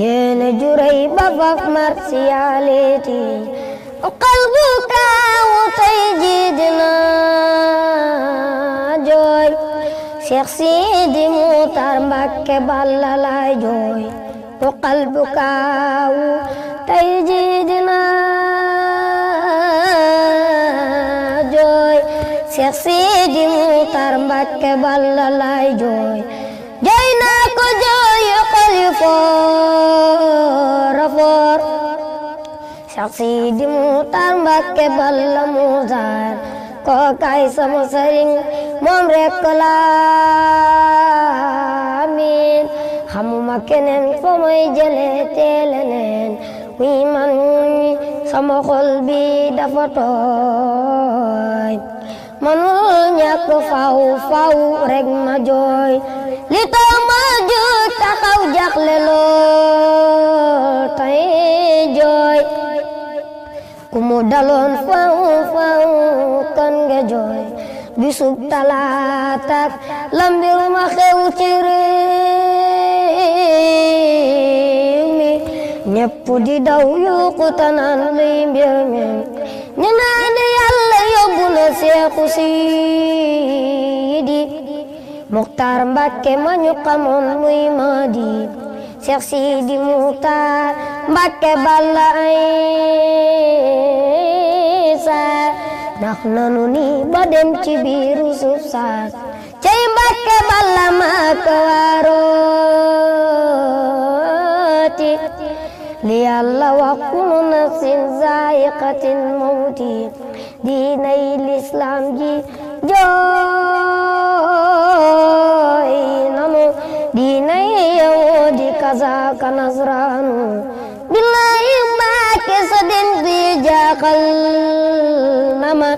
yéene juray ba faf mar si qalbu kaawu tey ji dina jooy Cheikh Sidi Muxtaar Mbakke Balla laay jooy o qalbu kaawu tey ji dina jooy Cheikh Sidi Muxtaar Mbakke Balla laay jooy yu foor a foor Cheikh Mbakke Balla Muxtaar ko kay sama sëriñ moom rekk laa miin xamuma keneen fa may jële teele neen wii man sama xol bi dafa tooy manul ñàkk faw faw rek ma jooy li tax ma jóg taxaw jaaxle lool tey jooy ku mu daloon faw faw kan nga jooy bisub talaata la mbir ma xew ci réew di daw yuuxu tanaan luy mi ñu naan yàlla na seexu si muxtaar mbàkke ma ñu xamoon muy maadi seex sidi muxtaar mbàkke balla isa ndax nanu ni ba ci biiru suuf saas cey balla maaka waarooti li yàlla wax kullu nafsin zaa'iqatin mawti diinay lislaam ji joo wasaaka nasraanu billaahi mbaake sa den bi jaaxal na ma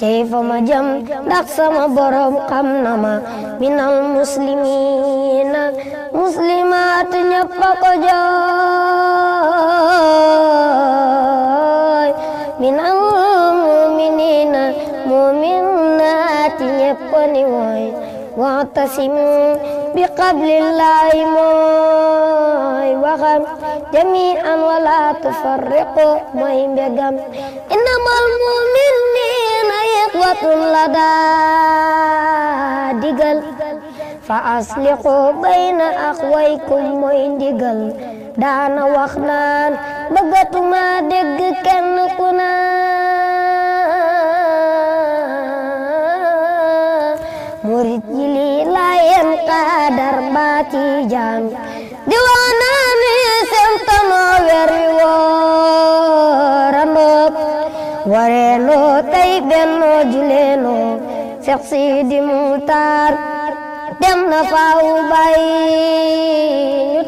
cey fa ma jam ndax sama borom xam na ma minal muslimiina muslimaat ñëpp ko jox muxtasim bi qablillahi mooy waxam jamian wala tufarriqu mooy mbegam innamal muminina ixwatun la daa digal fa asliqu bayna axwaykum mooy ndigal daana wax naan bëggatuma dégg kenn ku naan mati jam diwana ni semtano weri worando wareno tay benno juleno Seex Sidi Muxtaar dem na faaw bàyyi ñu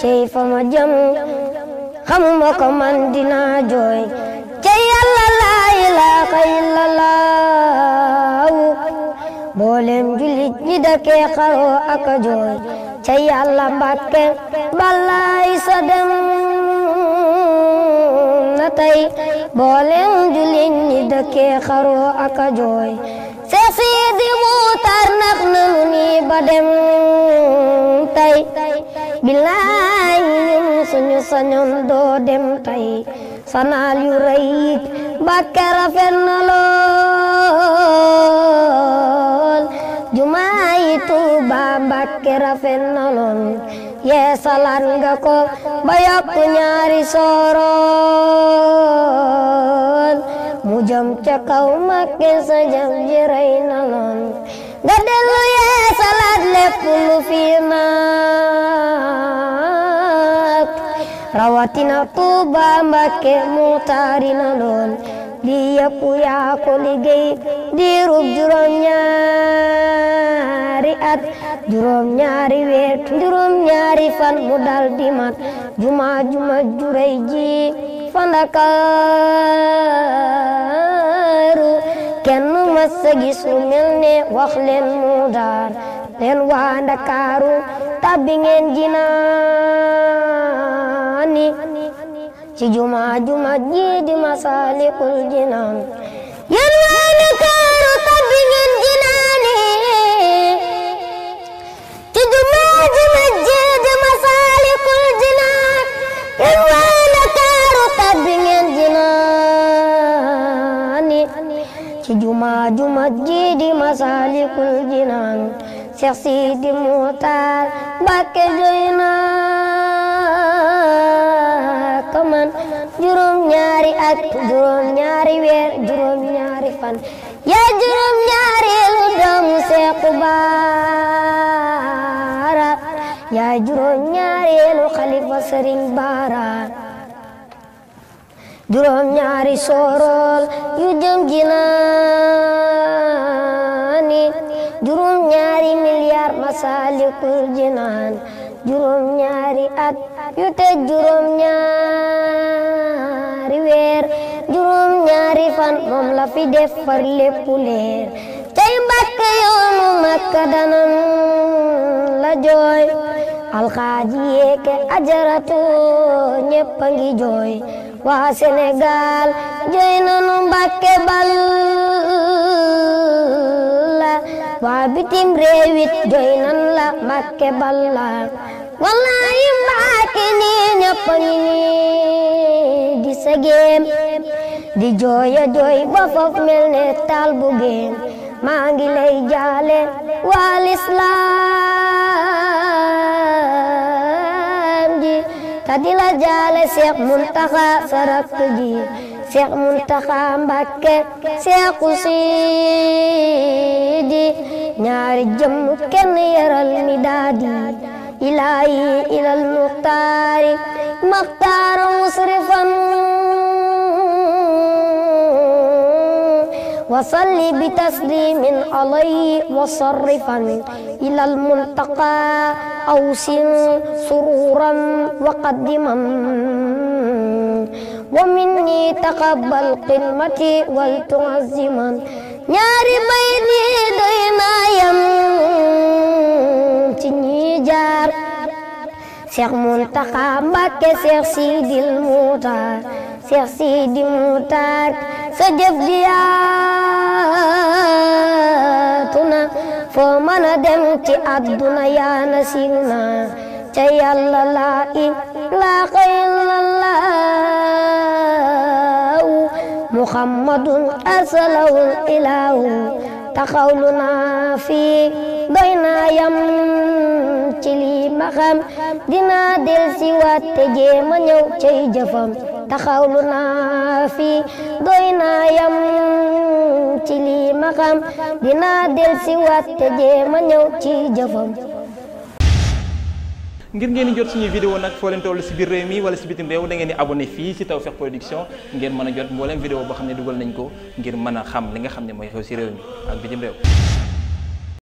cey fa ma jëm xamuma ko man dinaa cey Yàlla la ilaha illallah mboolem jullit ñi dëkkee xaroo ak a jooy ca yàlla dem na tey mboolem jullit ñi dëkkee xaroo ak a jooy Seex Sidi nax na nu dem tey bilaay ñun suñu sañoon doo dem tey sanaal yu rëy Mbàkke rafet na lool Tuuba Mbàkke rafet na lool yeesalaat nga ko ba yokk ñaari sooroon mu jëm ca kaw Mbàkke sa jëm ji rey dellu yeesalaat lépp lu fi rawatina Tuuba Mbàkke mu taari na lool li yëpp liggéey diirub juróom ñaar at juróom ñaari weer juróom ñaari fan mu daldi mat juma juma ji fa Ndakaaru kenn masa gis lu mel ne wax leen mu daar leen waa Ndakaaru tabbi jinaani ci juma juma ji di Masaalikul Jinaan Cheikh Sidi Muxtaar Mbàkke doy na juróom ñaari at juróom ñaari weer juróom ñaari fan ya juróom ñaari lu doomu Seexu Baara ya juróom ñaari lu xalifa Sëriñ Baara juróom ñaari soorool yu jëm Jilaani juróom ñaari milliard masalikul jinaan juróom ñaari at yu teg juróom ñaari weer juróom ñaari fan moom la fi def far lépp leer tey mbàkk yoonu makka danan la jooy alxaaji yeeke ajaratu ñëpp a jooy waa Sénégal jooy nanu mbàkke bal waa bitim réew it doy nan la Mbàkke balla wallaay Mbàkke nii ñëpp ngi nii di sëgéem di jooya jooy ba fof mel ne taal bu maa ngi lay jaale waa lislaam xadila jaale Cheikh Mountakha saraktu ji Cheikh Mountakha Mbacké Cheikhu Sidi ñaari jëm kenn yaral mi daadi ilahi ilal muxtaari maxtaaru musrifan wasalli bi taslimin alayhi wasarrifan ilal muntaqa أوسن سرورا وقدما ومني تقبل قلمتي ولتعزما ñaari bay ni doy naa yam ci ñi jaar Cheikh Mountakha Mbacké Cheikh Sidil Moutar Cheikh Sidi Moutar sa jëf di yaa àdduna yaa na siiw ca yàlla laa ilaaha illallaahu muhammadun arsalahu ilaahu taxawlu naa fii doy naa yam ci lii ma xam dinaa del si waat te jéema ñëw cay jëfam taxawlu naa fii doy naa yam ci lii ma xam dinaa del si waat te jéem ñëw ci jëfam ngir ngeen di jot suñuy vidéo nag foo leen toll si biir réew mi wala si bitim réew da ngeen di abonné fii si Tawfekh Production ngeen mën jot mbooleem vidéo boo xam ne dugal nañ ko ngir mën a xam li nga xam ne mooy xew si réew mi ak bitim réew